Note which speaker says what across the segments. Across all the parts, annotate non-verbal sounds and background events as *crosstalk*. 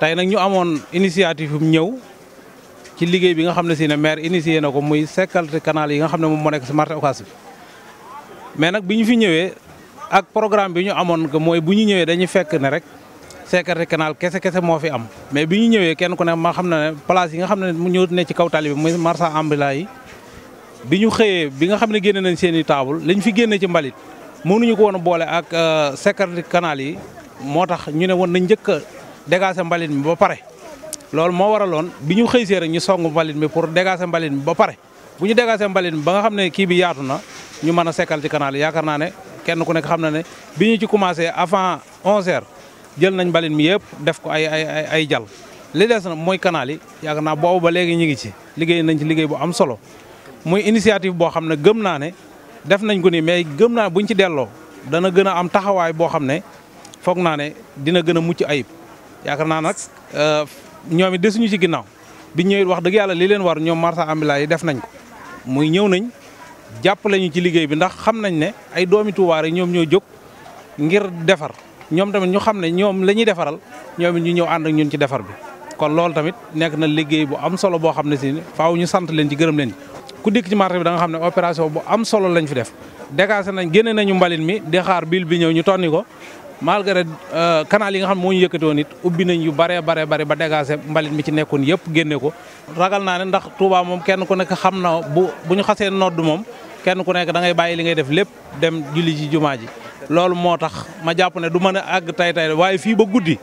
Speaker 1: tey nag ñu amoon initiative mu ñëw ci liggéey bi nga xam ne si ne maire initié na ko muy sécurité kanaal yi nga xam ne moom moo nekk si marché Ocass bi mais nag bi ñu fi ñëwee ak programme bi ñu amoon que mooy bu ñu ñëwee dañuy fekk ne rek sécurité kanaal kese kese moo fi am mais bi ñu ñëwee kenn ku ne ma xam ne place yi nga xam ne mu ñëw ne ci kaw tali bi muy marchand ambulant yi bi ñu xëyee bi nga xam ne génne nañ seeni i table lañ fi génne ci mbalit moo mënuñu ko woon boole ak euh, sécurité kanaal yi moo tax ñu ne woon na njëkk dégager mbalit mi ba pare loolu moo waraloon bi ñu xëy rek ñu song mbalit mi pour dégager mbalit mi ba pare bu ñu dégager mbalit mi ba nga xam ne kii bi yaatu na ñu mën a sekkal ci canal yaakaar naa ne kenn ku nekk xam na ne bi ñu ci commencé avant 11h jël nañ mbalit mi yëpp def ko ay ay ay ay jàll. li des na mooy canal yaakaar naa boobu ba léegi ñu ngi ci liggéey nañ ci liggéey bu am solo muy initiative boo xam ne gëm naa ne def nañ ko ni mais gëm naa buñ ci delloo dana gën a am taxawaay boo xam ne foog naa ne dina gën a mucc ayib. yaakaar naa nag euh, ñoom it desuñu ci ginnaaw bi ñëwit wax dëgg yàlla li leen war ñoom marchands ambulants def nañ ko muy ñëw nañ jàpp lañu ci liggéey bi ndax xam nañ ne ay doomi Tuubaa ñoom ñoo jóg ngir defar ñoom tamit ñu xam ne ñoom la ñuy defaral ñoom it ñu ñëw ànd ak ñun ci defar bi kon loolu tamit nekk na liggéey bu am solo boo xam ne si faaw ñu sant leen ci gërëm leen ku dikk ci marché bi da nga xam ne opération bu am solo lañ fi def dégager nañ génne nañu mbalit mi di xaar bi ñëw ñu tonni ko malgré euh, canal yi nga xam ne moo ñu yëkkatoon it ubbi nañ yu baree baree bare ba dégagé mbalit mi ci nekkoon yëpp génne ko ragal naa ne ndax Touba moom kenn ku nekk xam na bu bu ñu xasee nodd moom kenn ku nekk da ngay bàyyi li def lépp dem julli ji jumaa ji loolu moo tax ma jàpp ne du mën a àgg tay tay waaye fii ba guddi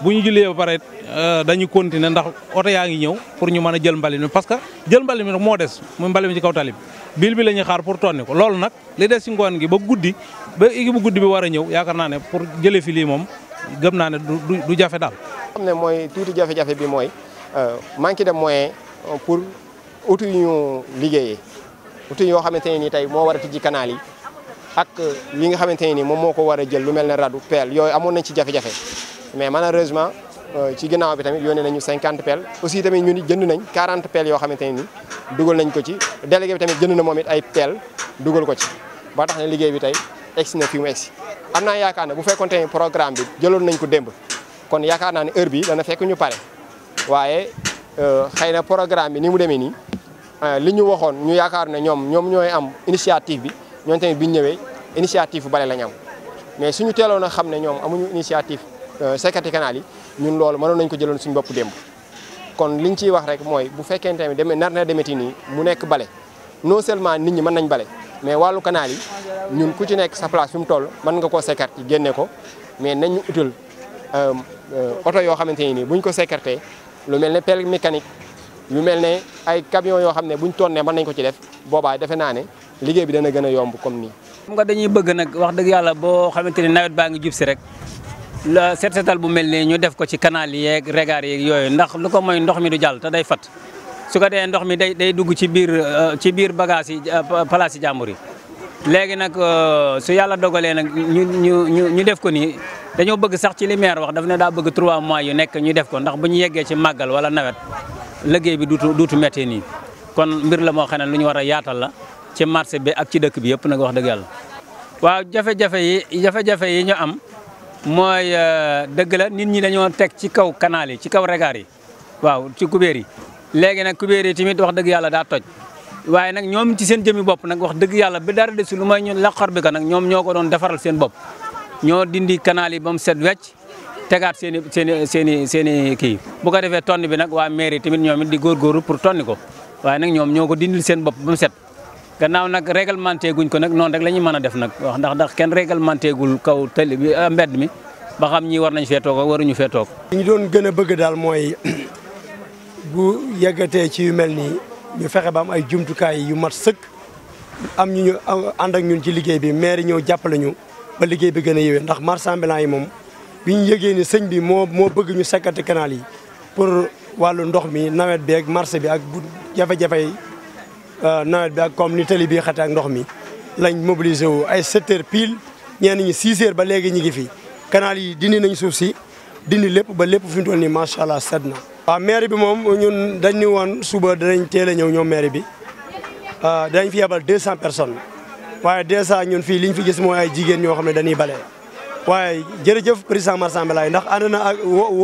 Speaker 1: bu ñu jullee ba pare euh, dañu continuer ndax oto yaa ngi ñëw pour ñu mën a jël mbalit mi parce que jël mbalit mi nag moo des muy mbalit mi ci kaw tali bi bil bi la ñuy xaar pour tonni ko loolu nag li des ci ngoon gi ba guddi ba équipe bu guddi bi war a ñëw yaakaar naa ne pour jëlee fi lii moom gëm naa ne du du jafe daal.
Speaker 2: xam ne mooy tuuti jafe-jafe bi mooy euh, manque de moyen euh, pour oto yu ñu liggéeyee oto yoo xamante ne ni tey moo war a tijji canal yi ak li nga xamante ne ni moom moo ko war a jël lu mel ne radu peel yooyu amoon nañ ci jafe-jafe. mais malheureusement euh, ci ginnaaw bi tamit yónnee nañu 50 pelles aussi tamit ñun jënd nañ 40 pelles yoo xamante ne ni dugal nañ ko ci délégué bi tamit jënd na moom it ay pelles dugal ko ci ba tax na liggéey bi tey egsi na fi mu egsi am naa yaakaar ne bu fekkoon ne programme bi jëloon nañ ko démb kon yaakaar naa ne heure bi dana fekk ñu pare waaye euh, xëy na programme bi ni mu demee nii euh, li ñu waxoon ñu yaakaar ne ñoom ñoom ñooy am initiative bi ñoom tamit bi ñu ñëwee initiative bu bale lañ am mais suñu teeloon na xam ne ñoom amuñu initiative Euh, sekkati canal yi ñun loolu mënoon nañ ko jëloon suñu bopp démb kon liñ ciy wax rek mooy bu fekkee ne demee nar na demeti nii mu nekk bale non seulement nit ñi mën nañ bale mais wàllu canal yi ñun ku ci nekk sa place fi mu toll mën nga koo sécarte génne ko mais nañ ñu utal euh, euh, oto yoo xamante ni nii buñ ko sécarte lu mel ne pelle mécanique lu mel ne ay camion yoo xam ne buñ tonnee mën nañ ko ci def boobaa defe naa ne liggéey bi dana gën a yomb comme nii. xam nga bëgg
Speaker 3: nag wax dëgg yàlla boo xamante ni nawet baa ngi jub si rek. la set setal bu mel nii ñu def ko ci canal yeeg regaar yeeg yooyu ndax lu ko mooy ndox mi du jàll te day fat su ko dee ndox mi day day dugg ci biir euh, ci biir bagage yi euh, place yi jàmbur yi. léegi nag euh, su yàlla dogalee nag ñu ñu ñu def ko nii dañoo bëgg sax ci li wax daf ne daa bëgg trois mois yu nekk ñu def ko ndax bu ñu yeggee ci màggal wala nawet liggéey bi duutu duutu méttee nii kon mbir la moo xam ne lu ñu war a yaatal la ci marché bi ak ci dëkk bi yëpp nag wax dëgg yàlla. waaw mooy euh, dëgg la nit ñi dañoo teg ci kaw canal yi ci kaw regaar yi waaw ci kubéer yi léegi nag kubéer yi tamit wax dëgg yàlla daa toj waaye nag ñoom ci seen jëmi bopp nag wax dëgg yàlla ba dara desul lu may ñu laqar bi ko nag ñoom ñoo ko doon defaral seen bopp ñoo dindi canal yi ba mu set wecc tegaat seen i seen i seen i kii bu ko defee tonn bi nag waa mairie tamit ñoom it di góorgóorlu pour tonni ko waaye nag ñoom ñoo ko dindil seen bopp ba mu set gannaaw nag réglementé guñ ko nag noonu rek la mën a def nag wax ndax ndax kenn réglementé gul kaw tali bi euh, mbedd mi ba xam ñi war nañ fee toog war waruñu fee toog.
Speaker 4: li ñu doon gën a bëgg daal mooy *clears throat* bu yeggatee ci yu mel ni ñu fexe ba am ay jumtukaay yu mat sëkk am ñu ñu ànd ak ñun ci liggéey bi maire ñëw jàppale ñu ba liggéey bi gën a yëwee ndax marchands ambulants yi moom bi ñu yëgee ni sëñ bi moo moo bëgg ñu sekkati canal yi pour wàllu ndox mi nawet bi ak marché bi ak bu jafe-jafe yi Euh, nawet bi ak comme ni tali bi xat ak ndox mi lañ mobilisé wu ay 7 heures pile ñenn ñi 6 heures ba léegi ñu ngi fi canal yi dindi nañ suuf si dindi lépp ba lépp fi ni toll macha allah sedd na. waaw maire bi moom ñun dañ ni woon suba danañ teel a ñëw ñoom maire bi euh, danañ fi yebal 200 personnes waaye 200 ñun fii liñ fi gis mooy ay jigéen ñoo xam ne dañuy bale waaye jërëjëf président Marsane Mbelaye ndax ànd na ak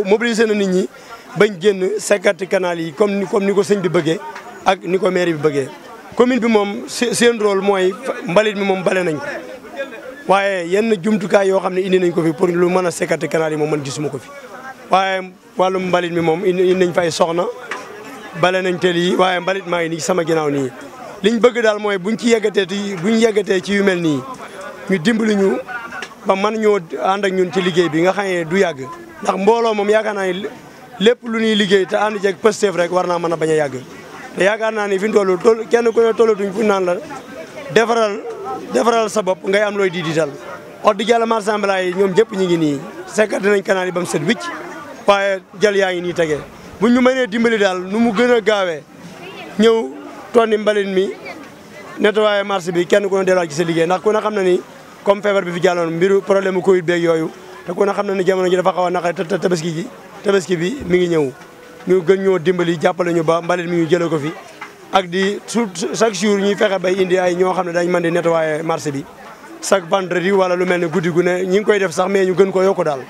Speaker 4: mobilisé na nit ñi bañ génn sekkati kanaal yi comme ni comme ni ko sëñ bi bëggee ak ni ko maire bi bëggee. commune bi moom seen rôle mooy mbalit mi moom bale nañ waaye yenn jumtukaay yoo xam ne indi nañ ko fi pour lu mën a sécate canal yi moom man gisuma ko fi waaye wàllum mbalit mi moom indi nañ fay soxna bale nañ teel yi waaye mbalit maa ngi nii sama ginnaaw nii liñ bëgg daal mooy buñ ci yeggatee bu ñu yeggatee ci yu mel nii ñu dimbali ñu ba man ñoo ànd ak ñun ci liggéey bi nga xam ne du yàgg ndax mbooloo moom yaakaar naa ne lépp lu ñuy liggéey te ànd ceeg Pastef rek war naa mën a bañ a yàgg te yaakaar naa ni fi mu toll toll kenn ku ne tollatuñ fu naan la defaral defaral sa bopp ngay am looy di di dal wax di yàlla marchands ambulants ñoom ñëpp ñu ngi nii sekat nañ canal yi ba mu set wicc waaye jal yaa ngi nii tege bu ñu mënee dimbali daal nu mu gën a gaawee ñëw tonni mbalit mi nettoyé marché bi kenn ku ne delluwaat ci sa liggéey ndax ku ne xam na ni comme feebar bi fi jàlloon mbiru problème mu Covid beeg yooyu te ku na xam na ni jamono ji dafa xaw a naqari tabaski ji ki bi mi ngi ñëw ñu gën ñoo dimbali jàppale ñu ba mbalit mi ñu jëlee ko fi ak di su chaque jour ñuy fexe bay indi ay ñoo xam ne dañ mën di waaye marché bi chaque vendredi wala lu mel ne guddi gu ne ñi ngi koy def sax mais ñu gën ko yokk daal